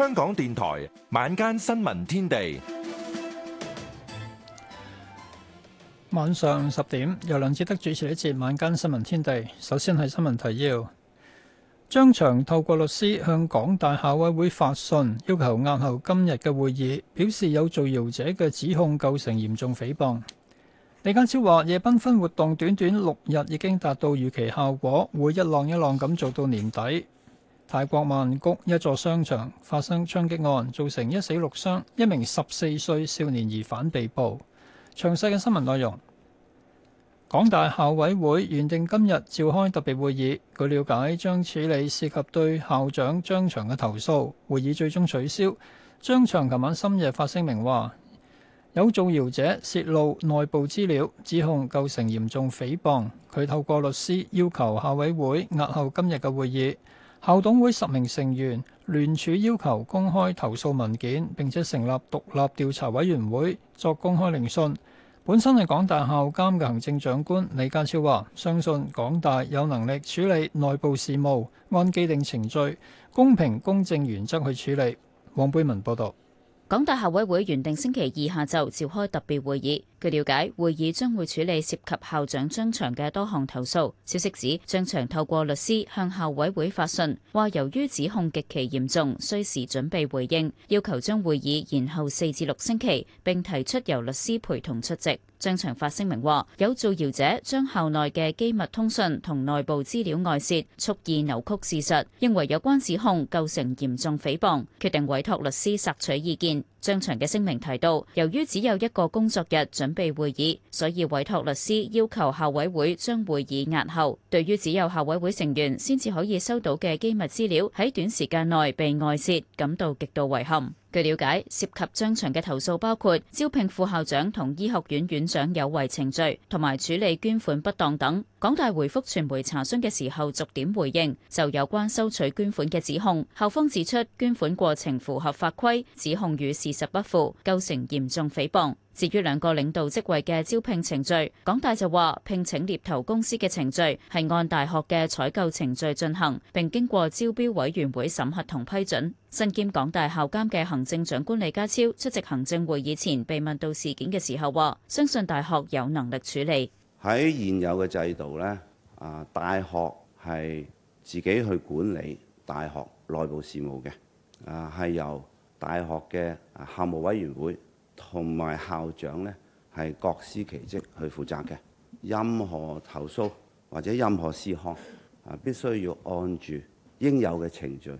香港電台晚間新聞天地，晚上十點由梁志德主持呢一節晚間新聞天地。首先係新聞提要，張翔透過律師向港大校委會發信，要求押後今日嘅會議，表示有造謠者嘅指控構成嚴重誹謗。李家超話，夜繽紛活動短短六日已經達到預期效果，會一浪一浪咁做到年底。泰國曼谷一座商場發生槍擊案，造成一死六傷，一名十四歲少年疑犯被捕。詳細嘅新聞內容，港大校委會原定今日召開特別會議，據了解將處理涉及對校長張翔嘅投訴。會議最終取消。張翔琴晚深夜發聲明話，有造謠者泄露內部資料，指控構成嚴重誹謗。佢透過律師要求校委會押後今日嘅會議。校董會十名成員聯署要求公開投訴文件，並且成立獨立調查委員會作公開聆訊。本身係港大校監嘅行政長官李家超話：相信港大有能力處理內部事務，按既定程序、公平公正原則去處理。黃貝文報道：「港大校委會原定星期二下晝召開特別會議。據了解，會議將會處理涉及校長張祥嘅多項投訴。消息指，張祥透過律師向校委會發信，話由於指控極其嚴重，需時準備回應，要求將會議延後四至六星期，並提出由律師陪同出席。張祥發聲明話：有造謠者將校內嘅機密通訊同內部資料外泄，蓄意扭曲事實，認為有關指控構成嚴重誹謗，決定委託律師索取意見。張翔嘅聲明提到，由於只有一個工作日準備會議，所以委託律師要求校委會將會議押後。對於只有校委會成員先至可以收到嘅機密資料喺短時間內被外泄，感到極度遺憾。據了解，涉及張翔嘅投訴包括招聘副校長同醫學院院長有違程序，同埋處理捐款不當等。港大回覆傳媒查詢嘅時候逐點回應，就有關收取捐款嘅指控，校方指出捐款過程符合法規，指控與事事實不符，構成嚴重誹謗。至於兩個領導職位嘅招聘程序，港大就話聘請獵頭公司嘅程序係按大學嘅採購程序進行，並經過招標委員會審核同批準。身兼港大校監嘅行政長官李家超出席行政會議前被問到事件嘅時候，話相信大學有能力處理。喺現有嘅制度呢，啊，大學係自己去管理大學內部事務嘅，啊，係由大學嘅。校務委員會同埋校長呢係各司其職去負責嘅，任何投訴或者任何事項啊，必須要按住應有嘅程序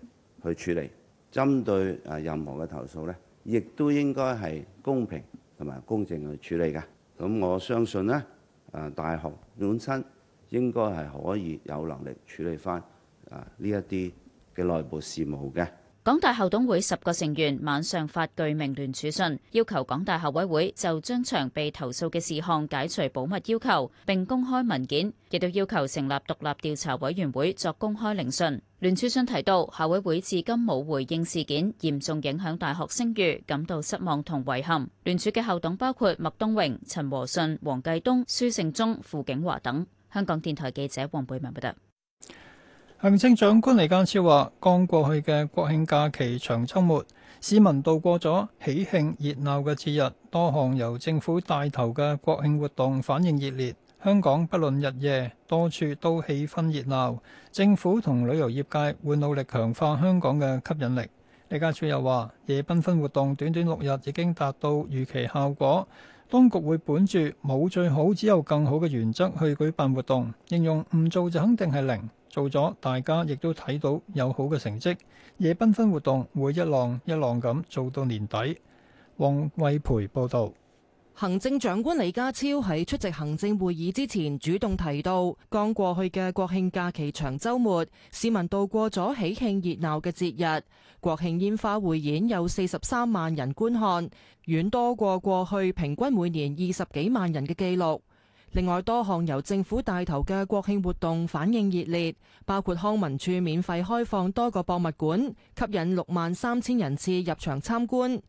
去處理。針對啊任何嘅投訴呢，亦都應該係公平同埋公正去處理嘅。咁、啊、我相信呢，啊大學本身應該係可以有能力處理翻呢一啲嘅內部事務嘅。港大校董會十個成員晚上發具名聯署信，要求港大校委會就張翔被投訴嘅事項解除保密要求並公開文件，亦都要求成立獨立調查委員會作公開聆訊。聯署信提到校委會至今冇回應事件，嚴重影響大學聲譽，感到失望同遺憾。聯署嘅校董包括麥東榮、陳和信、黃繼東、舒勝忠、傅景華等。香港電台記者黃貝文報道。行政長官李家超話，剛過去嘅國慶假期長週末，市民度過咗喜慶熱鬧嘅節日，多項由政府帶頭嘅國慶活動反應熱烈。香港不論日夜，多處都氣氛熱鬧。政府同旅遊業界會努力強化香港嘅吸引力。李家超又話，夜繽紛活動短短六日已經達到預期效果，當局會本住冇最好，只有更好嘅原則去舉辦活動。形容「唔做就肯定係零」。做咗，大家亦都睇到有好嘅成績，夜繽紛活動會一浪一浪咁做到年底。黃慧培報道。行政長官李家超喺出席行政會議之前主動提到，剛過去嘅國慶假期長週末，市民度過咗喜慶熱鬧嘅節日。國慶煙花匯演有四十三萬人觀看，遠多過過去平均每年二十幾萬人嘅記錄。另外，多項由政府帶頭嘅國慶活動反應熱烈，包括康文署免費開放多個博物館，吸引六萬三千人次入場參觀。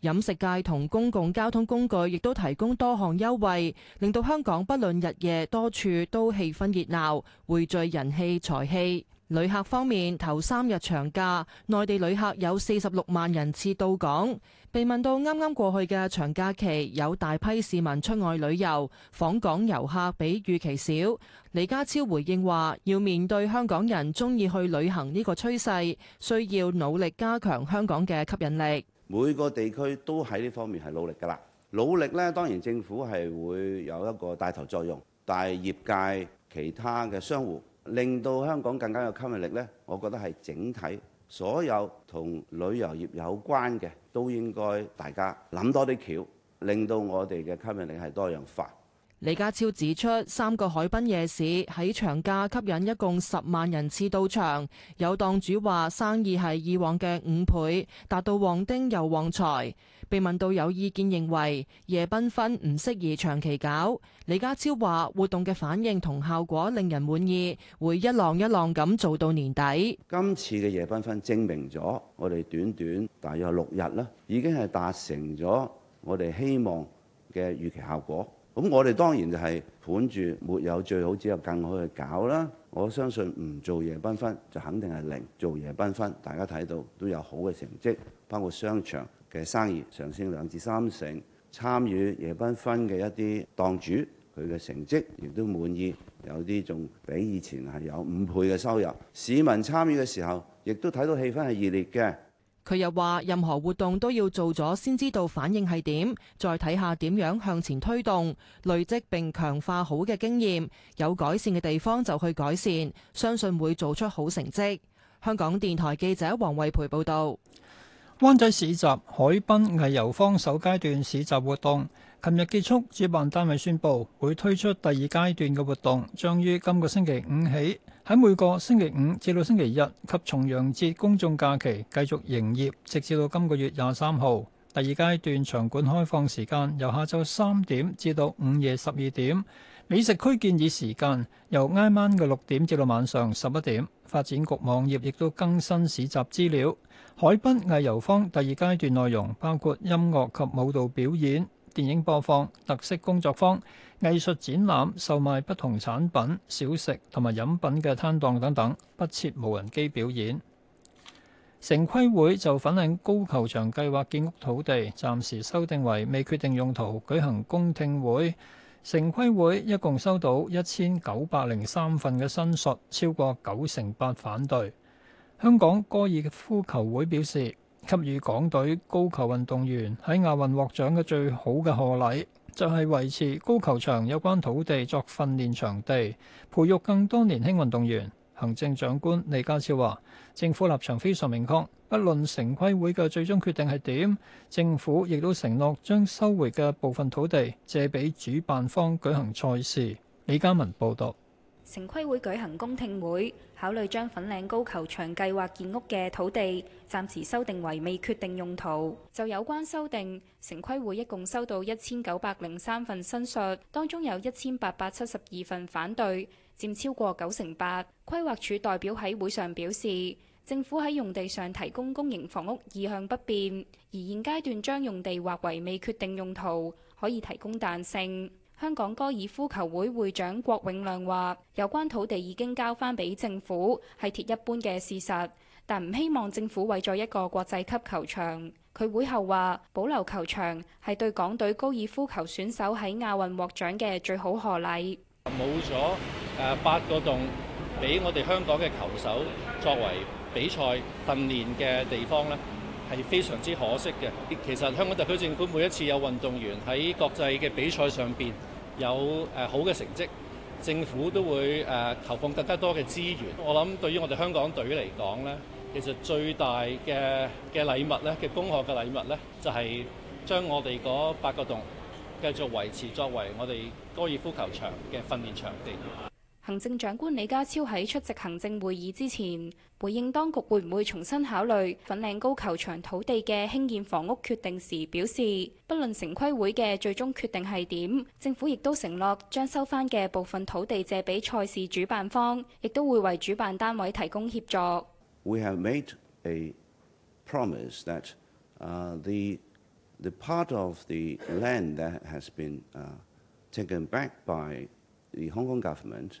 飲食界同公共交通工具亦都提供多項優惠，令到香港不論日夜多處都氣氛熱鬧，匯聚人氣財氣。旅客方面，頭三日長假，內地旅客有四十六萬人次到港。被問到啱啱過去嘅長假期有大批市民出外旅遊，訪港遊客比預期少，李家超回應話：要面對香港人中意去旅行呢個趨勢，需要努力加強香港嘅吸引力。每個地區都喺呢方面係努力㗎啦，努力呢，當然政府係會有一個帶頭作用，但係業界其他嘅商戶令到香港更加有吸引力呢，我覺得係整體。所有同旅遊業有關嘅，都應該大家諗多啲橋，令到我哋嘅吸引力係多樣化。李家超指出，三個海濱夜市喺長假吸引一共十萬人次到場，有檔主話生意係以往嘅五倍，達到旺丁又旺財。被問到有意見認為夜繽紛唔適宜長期搞，李家超話活動嘅反應同效果令人滿意，會一浪一浪咁做到年底。今次嘅夜繽紛證明咗我哋短短大約六日啦，已經係達成咗我哋希望嘅預期效果。咁我哋當然就係本住沒有最好，只有更好去搞啦。我相信唔做夜繽紛就肯定係零，做夜繽紛大家睇到都有好嘅成績，包括商場嘅生意上升兩至三成，參與夜繽紛嘅一啲檔主佢嘅成績亦都滿意，有啲仲比以前係有五倍嘅收入。市民參與嘅時候，亦都睇到氣氛係熱烈嘅。佢又話：任何活動都要做咗先知道反應係點，再睇下點樣向前推動，累積並強化好嘅經驗，有改善嘅地方就去改善，相信會做出好成績。香港電台記者黃惠培報道，灣仔市集海濱藝遊坊首階段市集活動，琴日結束，主辦單位宣布會推出第二階段嘅活動，將於今個星期五起。喺每個星期五至到星期日及重陽節公眾假期繼續營業，直至到今個月廿三號。第二階段場館開放時間由下晝三點至到午夜十二點。美食區建議時間由挨晚嘅六點至到晚上十一點。發展局網頁亦都更新市集資料。海濱藝遊坊第二階段內容包括音樂及舞蹈表演。電影播放、特色工作坊、藝術展覽、售賣不同產品、小食同埋飲品嘅攤檔等等，不設無人機表演。城規會就粉嶺高球場計劃建屋土地，暫時修訂為未決定用途，舉行公聽會。城規會一共收到一千九百零三份嘅申述，超過九成八反對。香港哥爾夫球會表示。給予港隊高球運動員喺亞運獲獎嘅最好嘅賀禮，就係、是、維持高球場有關土地作訓練場地，培育更多年輕運動員。行政長官李家超話：政府立場非常明確，不論城規會嘅最終決定係點，政府亦都承諾將收回嘅部分土地借俾主辦方舉行賽事。李嘉文報道。城規會舉行公聽會，考慮將粉嶺高球場計劃建屋嘅土地暫時修訂為未決定用途。就有關修訂，城規會一共收到一千九百零三份申述，當中有一千八百七十二份反對，佔超過九成八。規劃署代表喺會上表示，政府喺用地上提供公營房屋意向不變，而現階段將用地劃為未決定用途，可以提供彈性。香港高爾夫球會會長郭永亮話：有關土地已經交翻俾政府，係鐵一般嘅事實，但唔希望政府為咗一個國際級球場。佢會後話：保留球場係對港隊高爾夫球選手喺亞運獲獎嘅最好賀禮。冇咗誒八個洞俾我哋香港嘅球手作為比賽訓練嘅地方呢。係非常之可惜嘅。其實香港特區政府每一次有運動員喺國際嘅比賽上邊有誒、呃、好嘅成績，政府都會誒投放更加多嘅資源。我諗對於我哋香港隊嚟講呢，其實最大嘅嘅禮物呢，嘅功學嘅禮物呢，就係、是、將我哋嗰八個洞繼續維持作為我哋高爾夫球場嘅訓練場地。行政長官李家超喺出席行政會議之前，回應當局會唔會重新考慮粉嶺高球場土地嘅興建房屋決定時表示，不論城規會嘅最終決定係點，政府亦都承諾將收返嘅部分土地借俾賽事主辦方，亦都會為主辦單位提供協助。We have made a promise that, uh, the the part of the land that has been taken back by the Hong Kong government.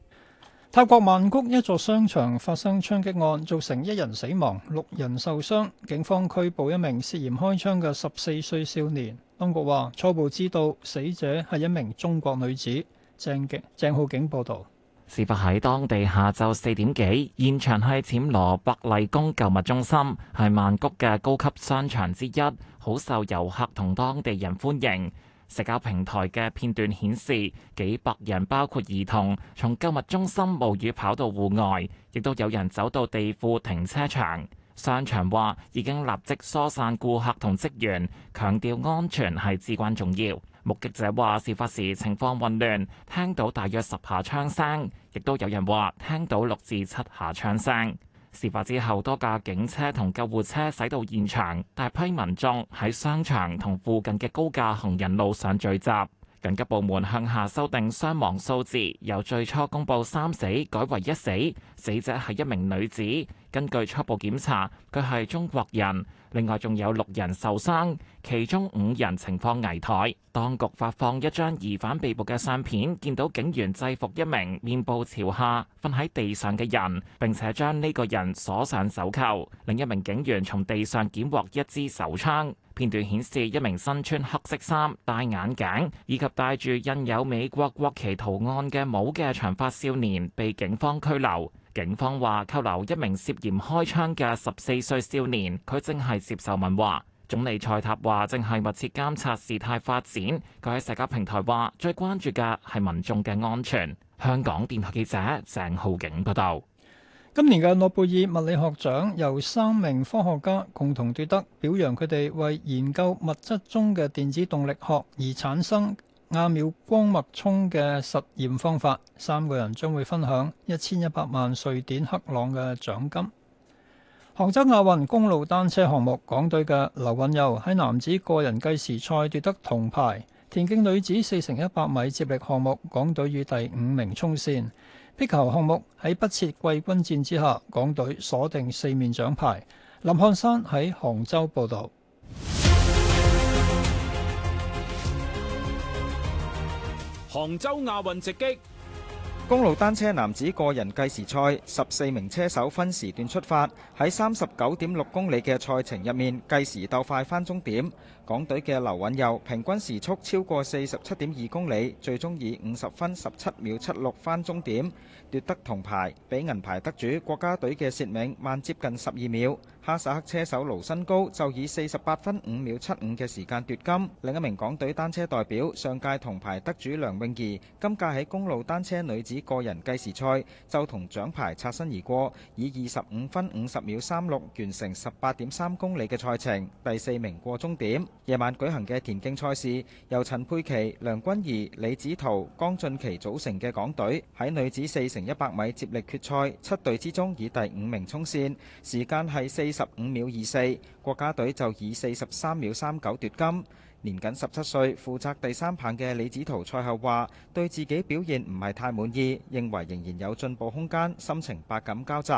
泰國曼谷一座商場發生槍擊案，造成一人死亡、六人受傷，警方拘捕一名涉嫌開槍嘅十四歲少年。當局話初步知道死者係一名中國女子。鄭景鄭浩景報道，事發喺當地下晝四點幾，現場係暹羅百麗宮購物中心，係曼谷嘅高級商場之一，好受遊客同當地人歡迎。社交平台嘅片段顯示，幾百人包括兒童從購物中心冒雨跑到戶外，亦都有人走到地庫停車場。商場話已經立即疏散顧客同職員，強調安全係至關重要。目擊者話事發時情況混亂，聽到大約十下槍聲，亦都有人話聽到六至七下槍聲。事發之後，多架警車同救護車駛到現場，大批民眾喺商場同附近嘅高架行人路上聚集。緊急部門向下修訂傷亡數字，由最初公布三死，改為一死。死者係一名女子，根據初步檢查，佢係中國人。另外仲有六人受傷，其中五人情況危殆。當局發放一張疑犯被捕嘅相片，見到警員制服一名面部朝下瞓喺地上嘅人，並且將呢個人鎖上手扣。另一名警員從地上檢獲一支手槍。片段顯示一名身穿黑色衫、戴眼鏡以及戴住印有美國國旗圖案嘅帽嘅長髮少年被警方拘留。警方話扣留一名涉嫌開槍嘅十四歲少年，佢正係接受問話。總理蔡塔話正係密切監察事態發展。佢喺社交平台話最關注嘅係民眾嘅安全。香港電台記者鄭浩景報道。今年嘅諾貝爾物理學獎由三名科學家共同奪得，表揚佢哋為研究物質中嘅電子動力學而產生。亞秒光脈衝嘅實驗方法。三個人將會分享一千一百萬瑞典克朗嘅獎金。杭州亞運公路單車項目，港隊嘅劉韻佑喺男子個人計時賽奪得銅牌。田徑女子四乘一百米接力項目，港隊與第五名衝線。壁球項目喺不設季軍戰之下，港隊鎖定四面獎牌。林漢山喺杭州報道。杭州亞運直擊，公路單車男子個人計時賽，十四名車手分時段出發，喺三十九點六公里嘅賽程入面計時鬥快返終點。港隊嘅劉允佑平均時速超過四十七點二公里，最終以五十分十七秒七六返終點，奪得銅牌，比銀牌得主國家隊嘅薛明慢接近十二秒。哈薩克車手盧新高就以四十八分五秒七五嘅時間奪金。另一名港隊單車代表上屆銅牌得主梁詠儀，今屆喺公路單車女子個人計時賽就同獎牌擦身而過，以二十五分五十秒三六完成十八點三公里嘅賽程，第四名過終點。夜晚舉行嘅田徑賽事，由陳佩琪、梁君怡、李子圖、江俊琪組成嘅港隊喺女子四乘一百米接力決賽，七隊之中以第五名衝線，時間係四十五秒二四，國家隊就以四十三秒三九奪金。年僅十七歲，負責第三棒嘅李子圖賽後話：對自己表現唔係太滿意，認為仍然有進步空間，心情百感交集。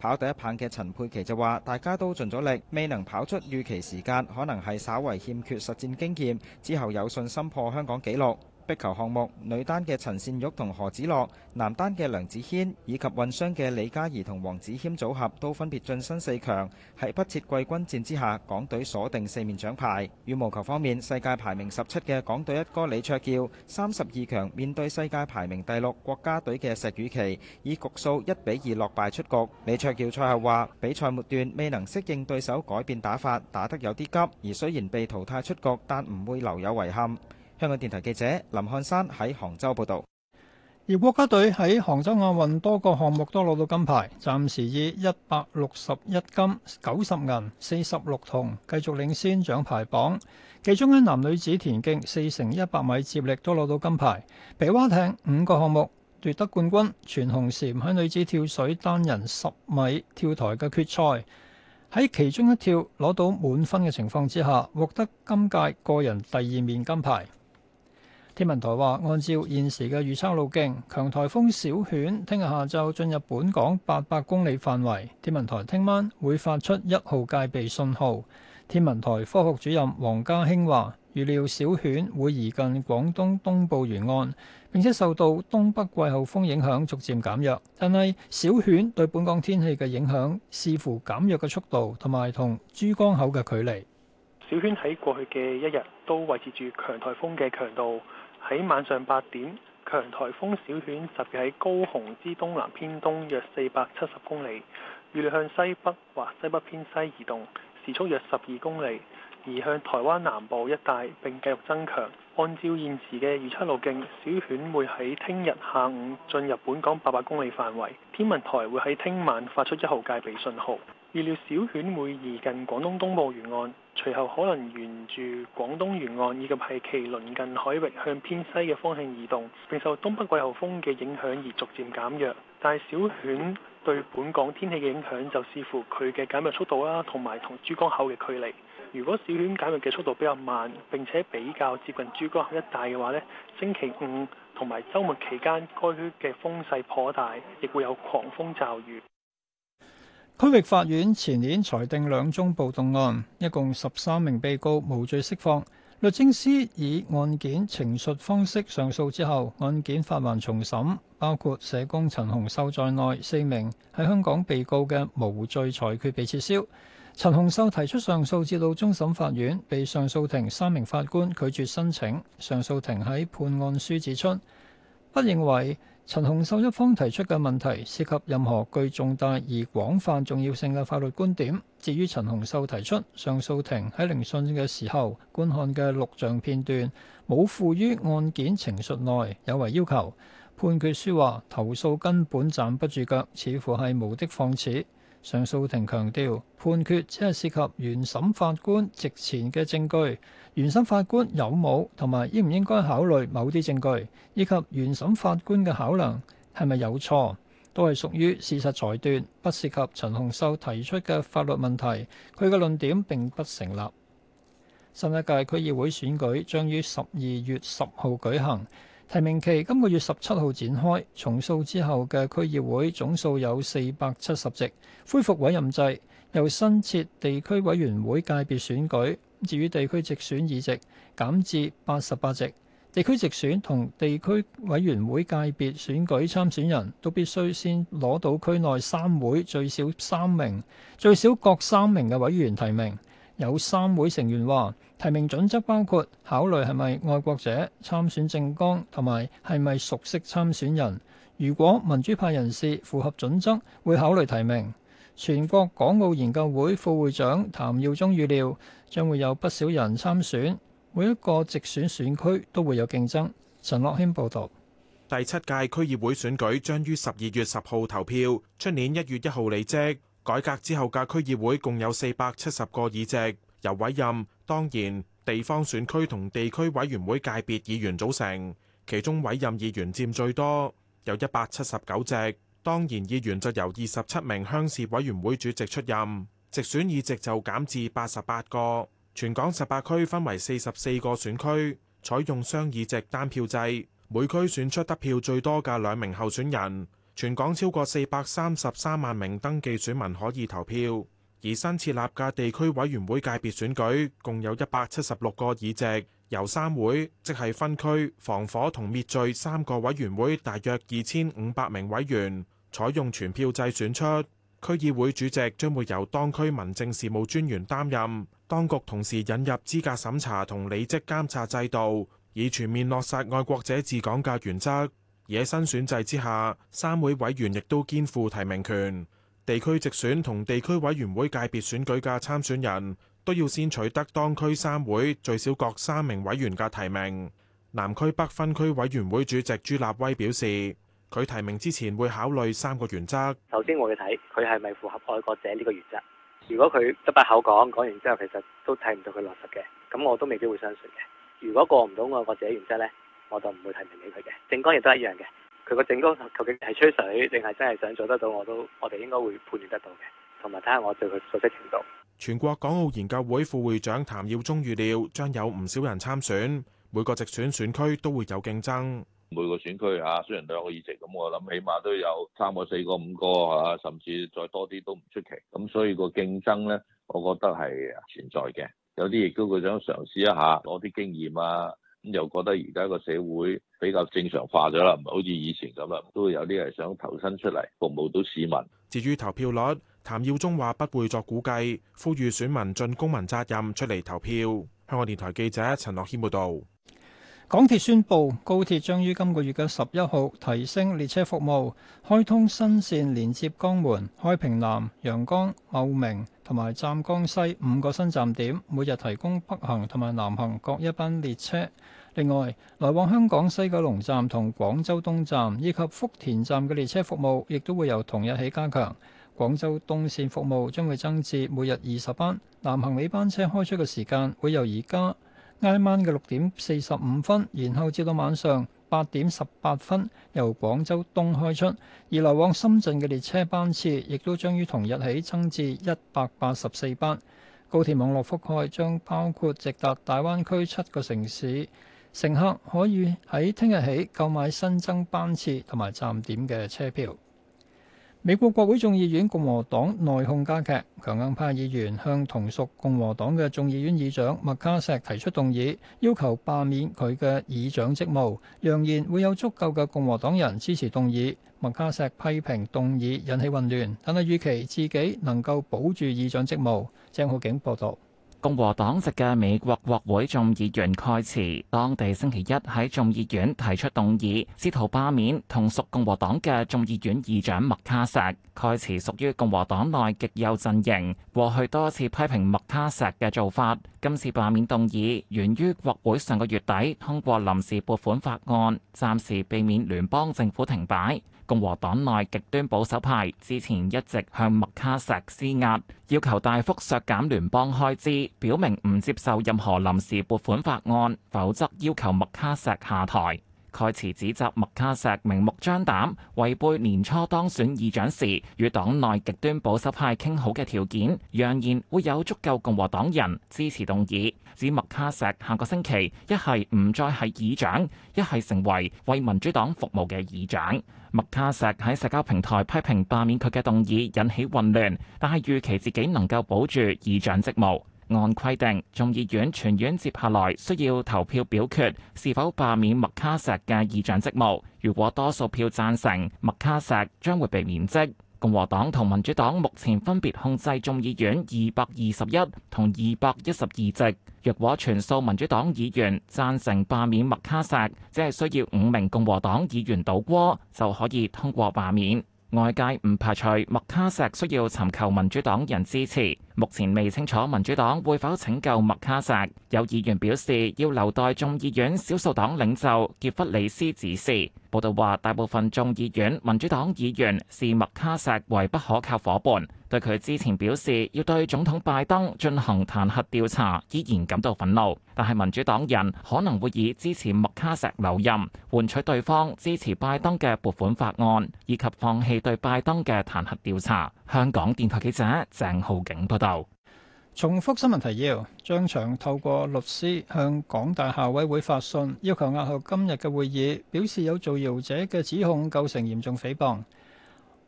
跑第一棒嘅陳佩琪就話：大家都盡咗力，未能跑出預期時間，可能係稍為欠缺實戰經驗，之後有信心破香港紀錄。壁球項目女單嘅陳善玉同何子樂、男單嘅梁子軒以及混雙嘅李嘉怡同黃子謙組合都分別晉身四強，喺不設季軍戰之下，港隊鎖定四面獎牌。羽毛球方面，世界排名十七嘅港隊一哥李卓耀三十二強面對世界排名第六國家隊嘅石宇奇，以局數一比二落敗出局。李卓耀賽後話：比賽末段未能適應對手改變打法，打得有啲急。而雖然被淘汰出局，但唔會留有遺憾。香港電台記者林漢山喺杭州報道，而國家隊喺杭州亞運多個項目都攞到金牌，暫時以一百六十一金、九十銀、四十六銅繼續領先獎牌榜。其中喺男女子田徑四乘一百米接力都攞到金牌，皮划艇五個項目奪得冠軍。全紅嬋喺女子跳水單人十米跳台嘅決賽喺其中一跳攞到滿分嘅情況之下，獲得今屆個人第二面金牌。天文台話，按照現時嘅預測路徑，強颱風小犬聽日下晝進入本港八百公里範圍，天文台聽晚會發出一號戒備信號。天文台科學主任黃家興話，預料小犬會移近廣東東部沿岸，並且受到東北季候風影響逐漸減弱。但係小犬對本港天氣嘅影響視乎減弱嘅速度同埋同珠江口嘅距離。小犬喺過去嘅一日都維持住強颱風嘅強度。喺晚上八點，強颱風小犬集結喺高雄之東南偏東約四百七十公里，預向西北或西北偏西移動，時速約十二公里，移向台灣南部一帶並繼續增強。按照現時嘅預測路徑，小犬會喺聽日下午進入本港八百公里範圍，天文台會喺聽晚發出一號戒備信號。預料小犬會移近廣東東部沿岸，隨後可能沿住廣東沿岸以及係其鄰近海域向偏西嘅方向移動，並受東北季候風嘅影響而逐漸減弱。但係小犬對本港天氣嘅影響就視乎佢嘅減弱速度啦，同埋同珠江口嘅距離。如果小犬減弱嘅速度比較慢，並且比較接近珠江口一帶嘅話咧，星期五同埋周末期間該區嘅風勢頗大，亦會有狂風驟雨。區域法院前年裁定兩宗暴動案，一共十三名被告無罪釋放。律政司以案件呈述方式上訴之後，案件發還重審，包括社工陳虹秀在內四名喺香港被告嘅無罪裁決被撤銷。陳虹秀提出上訴至到終審法院，被上訴庭三名法官拒絕申請。上訴庭喺判案書指出，不認為，陳洪秀一方提出嘅問題涉及任何具重大而廣泛重要性嘅法律觀點。至於陳洪秀提出上訴庭喺聆訊嘅時候觀看嘅錄像片段，冇附於案件情述內，有違要求。判決書話投訴根本站不住腳，似乎係無的放矢。上訴庭強調判決只係涉及原審法官直前嘅證據，原審法官有冇同埋應唔應該考慮某啲證據，以及原審法官嘅考量係咪有錯，都係屬於事實裁斷，不涉及陳洪秀提出嘅法律問題。佢嘅論點並不成立。新一屆區議會選舉將於十二月十號舉行。提名期今個月十七號展開，重塑之後嘅區議會總數有四百七十席，恢復委任制，又新設地區委員會界別選舉。至於地區直選議席減至八十八席，地區直選同地區委員會界別選舉參選人都必須先攞到區內三會最少三名、最少各三名嘅委員提名。有三會成員話，提名準則包括考慮係咪愛國者參選政綱，同埋係咪熟悉參選人。如果民主派人士符合準則，會考慮提名。全國港澳研究會副會長譚耀宗預料將會有不少人參選，每一個直選選區都會有競爭。陳樂軒報導。第七屆區議會選舉將於十二月十號投票，出年一月一號離職。改革之後嘅區議會共有四百七十個議席，由委任、當然、地方選區同地區委員會界別議員組成，其中委任議員佔最多，有一百七十九席；當然議員就由二十七名鄉事委員會主席出任，直選議席就減至八十八個。全港十八區分為四十四個選區，採用雙議席單票制，每區選出得票最多嘅兩名候選人。全港超過四百三十三萬名登記選民可以投票，而新設立嘅地區委員會界別選舉共有一百七十六個議席，由三會，即係分區、防火同滅罪三個委員會，大約二千五百名委員採用全票制選出。區議會主席將會由當區民政事務專員擔任。當局同時引入資格審查同履職監察制度，以全面落實愛國者治港嘅原則。而喺新選制之下，三會委員亦都肩負提名權。地區直選同地區委員會界別選舉嘅參選人，都要先取得當區三會最少各三名委員嘅提名。南區北分區委員會主席朱立威表示，佢提名之前會考慮三個原則。首先，我要睇佢係咪符合愛國者呢個原則。如果佢得把口講，講完之後其實都睇唔到佢落實嘅，咁我都未必會相信嘅。如果過唔到愛國者原則呢？我就唔會提名俾佢嘅，政綱亦都一樣嘅。佢個政綱究竟係吹水定係真係想做得到，我都我哋應該會判斷得到嘅，同埋睇下我對佢熟悉程度。全國港澳研究會副會長譚耀宗預料將有唔少人參選，每個直選選區都會有競爭。每個選區嚇，雖然都有個議席，咁我諗起碼都有三個、四個、五個嚇，甚至再多啲都唔出奇。咁所以個競爭咧，我覺得係存在嘅。有啲亦都佢想嘗試一下攞啲經驗啊。咁又覺得而家個社會比較正常化咗啦，唔係好似以前咁呀，都有啲係想投身出嚟服務到市民。至於投票率，譚耀宗話不會作估計，呼籲選民盡公民責任出嚟投票。香港電台記者陳樂軒報道。港鐵宣布，高鐵將於今個月嘅十一號提升列車服務，開通新線連接江門、開平南、陽江、茂名同埋湛江西五個新站點，每日提供北行同埋南行各一班列車。另外，來往香港西九龍站同廣州東站以及福田站嘅列車服務，亦都會由同日起加強。廣州東線服務將會增至每日二十班，南行尾班車開出嘅時間會由而家，挨晚嘅六點四十五分，然後至到晚上八點十八分由廣州東開出，而來往深圳嘅列車班次亦都將於同日起增至一百八十四班。高鐵網絡覆蓋將包括直達大灣區七個城市，乘客可以喺聽日起購買新增班次同埋站點嘅車票。美國國會眾議院共和黨內訌加劇，強硬派議員向同屬共和黨嘅眾議院議長麥卡錫提出動議，要求罷免佢嘅議長職務，揚言會有足夠嘅共和黨人支持動議。麥卡錫批評動議引起混亂，但係預期自己能夠保住議長職務。鄭浩景報道。共和黨籍嘅美國國會眾議員蓋茨，當地星期一喺眾議院提出動議，試圖罷免同屬共和黨嘅眾議院議長麥卡錫。蓋茨屬於共和黨內極右陣營，過去多次批評麥卡錫嘅做法。今次罷免動議源於國會上個月底通過臨時撥款法案，暫時避免聯邦政府停擺。共和黨內極端保守派之前一直向麥卡錫施壓，要求大幅削減聯邦開支，表明唔接受任何臨時撥款法案，否則要求麥卡錫下台。蓋茨指責麥卡錫明目張膽違背年初當選議長時與黨內極端保守派傾好嘅條件，揚言會有足夠共和黨人支持動議，指麥卡錫下個星期一係唔再係議長一係成為為民主黨服務嘅議長。麥卡錫喺社交平台批評罷免佢嘅動議引起混亂，但係預期自己能夠保住議長職務。按規定，眾議院全院接下來需要投票表決是否罷免麥卡錫嘅議長職務。如果多數票贊成，麥卡錫將會被免職。共和黨同民主黨目前分別控制眾議院二百二十一同二百一十二席。若果全數民主黨議員贊成罷免麥卡錫，只係需要五名共和黨議員倒戈就可以通過罷免。外界唔排除麥卡錫需要尋求民主黨人支持。目前未清楚民主黨會否拯救麥卡錫。有議員表示要留待眾議院少數黨領袖傑弗里斯指示。報道話，大部分眾議院民主黨議員視麥卡錫為不可靠伙伴，對佢之前表示要對總統拜登進行彈劾調查，依然感到憤怒。但係民主黨人可能會以支持麥卡錫留任，換取對方支持拜登嘅撥款法案，以及放棄對拜登嘅彈劾調查。香港電台記者鄭浩景報導。重複新聞提要：張翔透過律師向港大校委會發信，要求押後今日嘅會議，表示有造謠者嘅指控構成嚴重誹謗。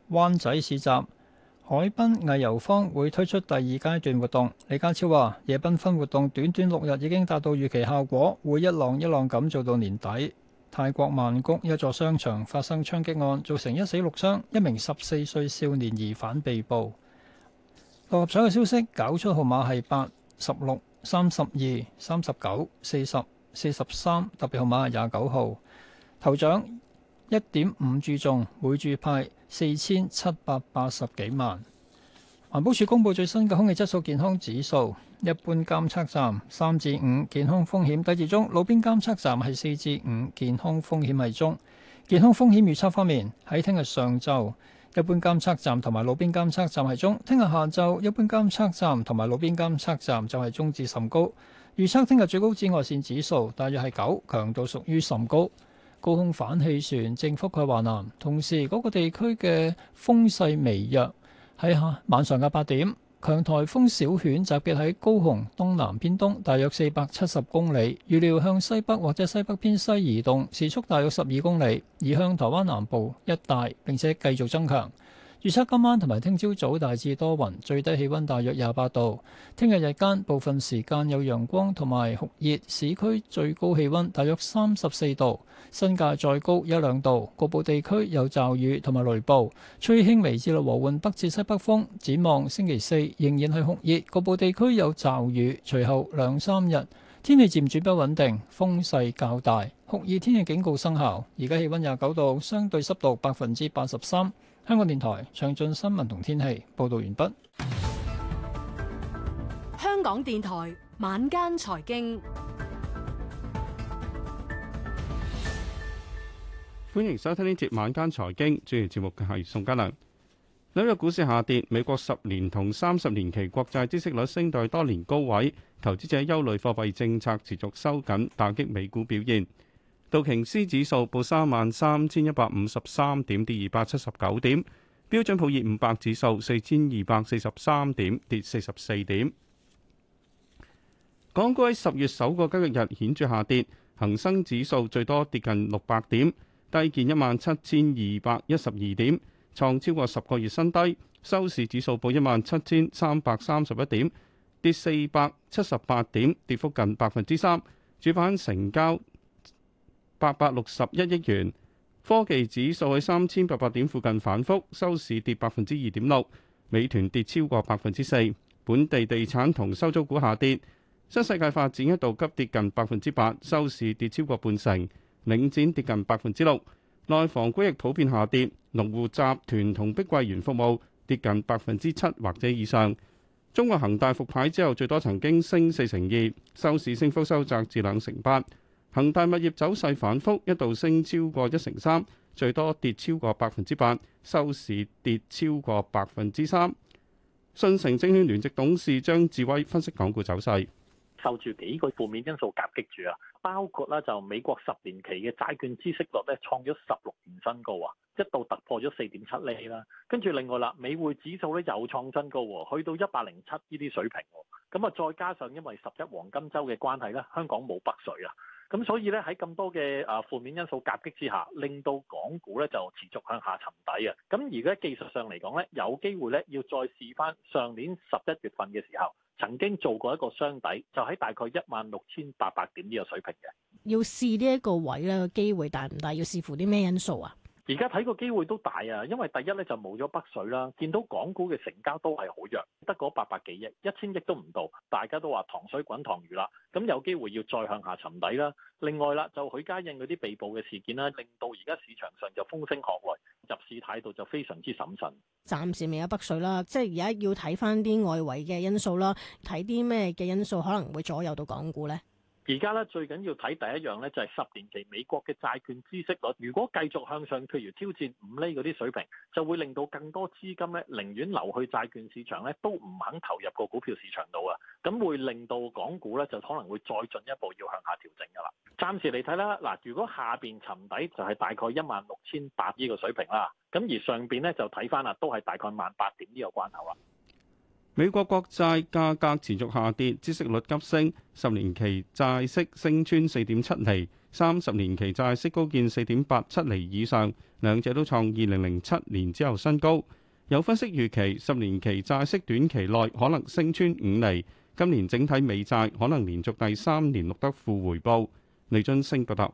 灣仔市集海濱藝遊坊會推出第二階段活動，李家超話夜繽紛活動短短六日已經達到預期效果，會一浪一浪咁做到年底。泰國曼谷一座商場發生槍擊案，造成一死六傷，一名十四歲少年疑犯被捕。六合彩嘅消息，攪出號碼係八、十六、三十二、三十九、四十、四十三，特別號碼係廿九號。頭獎一點五注中，每注派四千七百八十幾萬。環保署公布最新嘅空氣質素健康指數，一般監測站三至五健康風險低至中，路邊監測站係四至五健康風險係中。健康風險預測方面，喺聽日上晝。一般監測站同埋路邊監測站係中，聽日下晝一般監測站同埋路邊監測站就係中至甚高。預測聽日最高紫外線指數大約係九，強度屬於甚高。高空反氣旋正覆蓋華南，同時嗰個地區嘅風勢微弱。下晚上嘅八點。強颱風小犬集結喺高雄東南偏東，大約四百七十公里，預料向西北或者西北偏西移動，時速大約十二公里，移向台灣南部一帶，並且繼續增強。預測今晚同埋聽朝早大致多雲，最低氣溫大約廿八度。聽日日間部分時間有陽光同埋酷熱，市區最高氣温大約三十四度，新界再高一兩度。局部地區有驟雨同埋雷暴，吹輕微至到和緩北至西北風，展望星期四仍然係酷熱，局部地區有驟雨。隨後兩三日天氣漸轉不穩定，風勢較大，酷熱天氣警告生效。而家氣温廿九度，相對濕度百分之八十三。香港電台詳盡新聞同天氣報道完畢。香港電台晚間財經，歡迎收聽呢節晚間財經，主持節目嘅係宋嘉良。紐約股市下跌，美國十年同三十年期國債孳息率升至多年高位，投資者憂慮貨幣政策持續收緊打擊美股表現。道瓊斯指數報三萬三千一百五十三點，跌二百七十九點。標準普爾五百指數四千二百四十三點，跌四十四點。港股十月首個交易日，日顯著下跌，恒生指數最多跌近六百點，低見一萬七千二百一十二點，創超過十個月新低。收市指數報一萬七千三百三十一點，跌四百七十八點，跌幅近百分之三。主板成交。八百六十一億元，科技指數喺三千八百點附近反覆，收市跌百分之二點六。美團跌超過百分之四，本地地產同收租股下跌。新世界發展一度急跌近百分之八，收市跌超過半成，領展跌近百分之六。內房股亦普遍下跌，龍湖集團同碧桂園服務跌近百分之七或者以上。中國恒大復牌之後，最多曾經升四成二，收市升幅收窄至兩成八。恒大物業走勢反覆，一度升超過一成三，最多跌超過百分之八，收市跌超過百分之三。信誠證券聯席董事張智威分析港股走勢，受住幾個負面因素夾擊住啊，包括啦就美國十年期嘅債券孳息率咧創咗十六年新高啊，一度突破咗四點七厘啦。跟住另外啦，美匯指數咧又創新高，去到一百零七呢啲水平。咁啊，再加上因為十一黃金週嘅關係咧，香港冇北水啊。咁所以咧，喺咁多嘅啊負面因素夾擊之下，令到港股咧就持續向下沉底啊。咁而家技術上嚟講咧，有機會咧要再試翻上年十一月份嘅時候曾經做過一個雙底，就喺大概一萬六千八百點呢個水平嘅。要試呢一個位咧，個機會大唔大？要視乎啲咩因素啊？而家睇個機會都大啊，因為第一咧就冇咗北水啦，見到港股嘅成交都係好弱，得嗰八百幾億，一千億都唔到，大家都話糖水滾糖魚啦，咁有機會要再向下沉底啦。另外啦，就許家印嗰啲被捕嘅事件啦，令到而家市場上就風聲鶴唳，入市態度就非常之審慎。暫時未有北水啦，即係而家要睇翻啲外圍嘅因素啦，睇啲咩嘅因素可能會左右到港股咧？而家咧最緊要睇第一樣咧就係十年期美國嘅債券孳息率，如果繼續向上，譬如挑戰五厘嗰啲水平，就會令到更多資金咧寧願留去債券市場咧，都唔肯投入個股票市場度啊！咁會令到港股咧就可能會再進一步要向下調整㗎啦。暫時嚟睇啦，嗱，如果下邊沉底就係大概一萬六千八呢個水平啦，咁而上邊咧就睇翻啊，都係大概萬八點呢個關口啊。美國國債價格持續下跌，孳息率急升，十年期債息升穿四點七厘，三十年期債息高見四點八七厘以上，兩者都創二零零七年之後新高。有分析預期，十年期債息短期內可能升穿五厘。今年整體美債可能連續第三年錄得負回報。李俊升報道。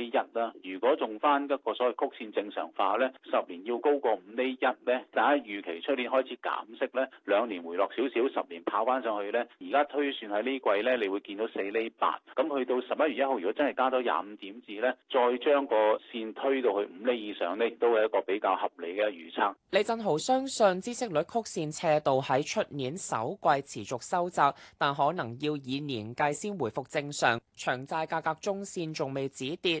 一啦，如果仲翻一個所謂曲線正常化咧，十年要高過五厘一咧，但係預期出年開始減息咧，兩年回落少少，十年跑翻上去咧，而家推算喺呢季咧，你會見到四厘八咁。去到十一月一號，如果真係加多廿五點字咧，再將個線推到去五厘以上咧，都係一個比較合理嘅預測。李振豪相信孳息率曲線斜度喺出年首季持續收窄，但可能要以年計先回復正常。長債價格中線仲未止跌。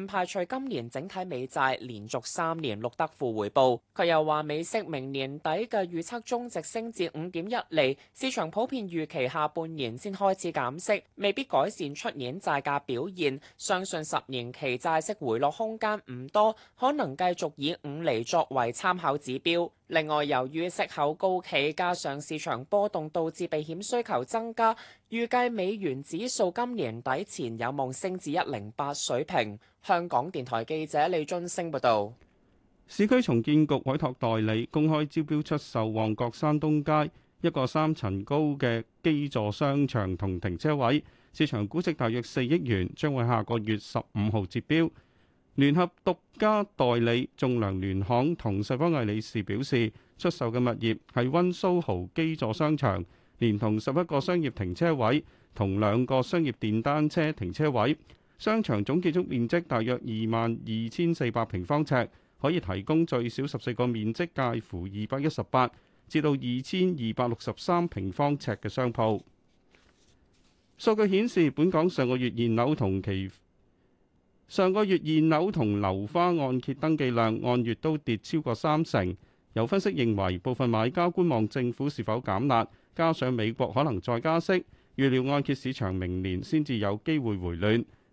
唔排除今年整體美債連續三年錄得負回報，佢又話美息明年底嘅預測中值升至五點一厘，市場普遍預期下半年先開始減息，未必改善出年債價表現。相信十年期債息回落空間唔多，可能繼續以五厘作為參考指標。另外，由於息口高企加上市場波動導致避險需求增加，預計美元指數今年底前有望升至一零八水平。香港電台記者李津升報道，市區重建局委託代理公開招標出售旺角山東街一個三層高嘅基座商場同停車位，市場估值大約四億元，將會下個月十五號截標。聯合獨家代理仲量聯行同世邦魏理仕表示，出售嘅物業係溫蘇豪基座商場，連同十一個商業停車位同兩個商業電單車停車位。商場總建築面積大約二萬二千四百平方尺，可以提供最少十四個面積介乎二百一十八至到二千二百六十三平方尺嘅商鋪。數據顯示，本港上個月現樓同期，上個月現樓同樓花按揭登記量按月都跌超過三成。有分析認為，部分買家觀望政府是否減壓，加上美國可能再加息，預料按揭市場明年先至有機會回暖。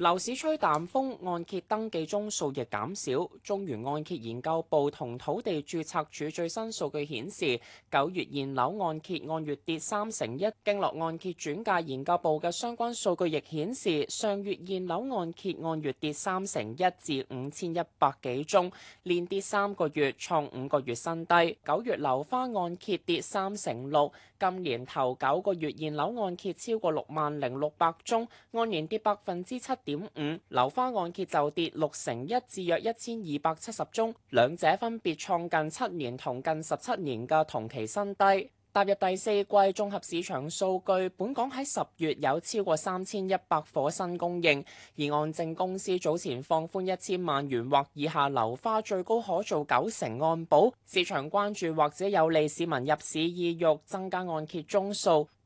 樓市吹淡風，按揭登記宗數亦減少。中原按揭研究部同土地註冊處最新數據顯示，九月現樓按揭按月跌三成一。經絡按揭轉介研究部嘅相關數據亦顯示，上月現樓按揭按月跌三成一至五千一百幾宗，連跌三個月，創五個月新低。九月樓花按揭跌三成六，今年頭九個月現樓按揭超過六萬零六百宗，按年跌百分之七點五，流花按揭就跌六成一至約一千二百七十宗，兩者分別創近七年同近十七年嘅同期新低。踏入第四季綜合市場數據，本港喺十月有超過三千一百伙新供應，而按證公司早前放寬一千萬元或以下流花最高可做九成按保，市場關注或者有利市民入市意欲增加按揭宗數。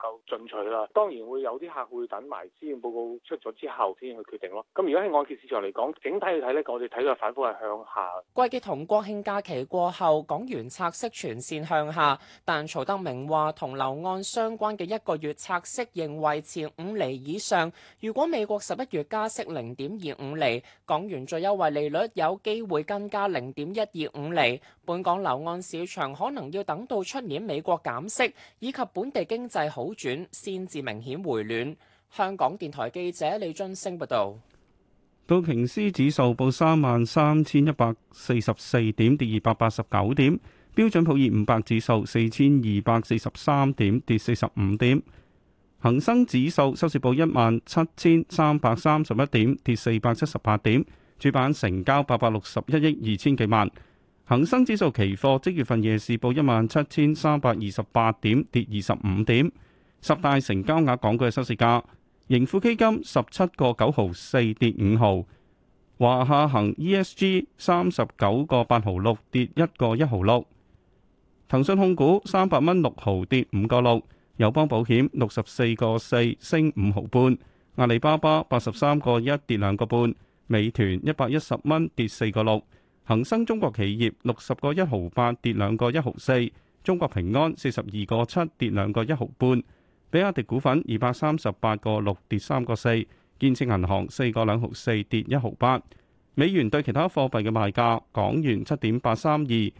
夠進取啦，當然會有啲客戶等埋資料報告出咗之後先去決定咯。咁如果喺按揭市場嚟講，整體去睇呢，我哋睇到反覆係向下。季結同國慶假期過後，港元拆息全線向下，但曹德明話同樓按相關嘅一個月拆息仍維持五釐以上。如果美國十一月加息零點二五釐，港元最優惠利率有機會增加零點一二五釐。本港樓岸市場可能要等到出年美國減息以及本地經濟好轉，先至明顯回暖。香港電台記者李津升報道，道瓊斯指數報三萬三千一百四十四點，跌二百八十九點。標準普爾五百指數四千二百四十三點，跌四十五點。恒生指數收市報一萬七千三百三十一點，跌四百七十八點。主板成交八百六十一億二千幾萬。恒生指數期貨即月份夜市報一萬七千三百二十八點，跌二十五點。十大成交額港股嘅收市價，盈富基金十七個九毫四跌五毫，華夏行 E S G 三十九個八毫六跌一個一毫六。騰訊控股三百蚊六毫跌五個六，友邦保險六十四個四升五毫半，阿里巴巴八十三個一跌兩個半，美團一百一十蚊跌四個六。恒生中國企業六十個一毫八跌兩個一毫四，中國平安四十二個七跌兩個一毫半，比亞迪股份二百三十八個六跌三個四，建設銀行四個兩毫四跌一毫八。美元對其他貨幣嘅賣價：港元七點八三二，日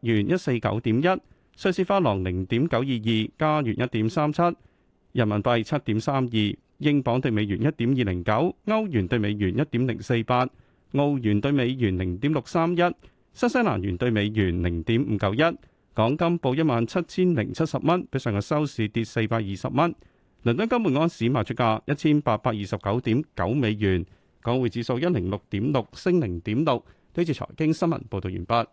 元一四九點一，瑞士法郎零點九二二，加元一點三七，人民幣七點三二，英鎊兌美元一點二零九，歐元兌美元一點零四八。澳元兌美元零點六三一，新西蘭元兌美元零點五九一，港金報一萬七千零七十蚊，比上日收市跌四百二十蚊。倫敦金門安市賣出價一千八百二十九點九美元，港匯指數一零六點六升零點六。呢次財經新聞報道完畢。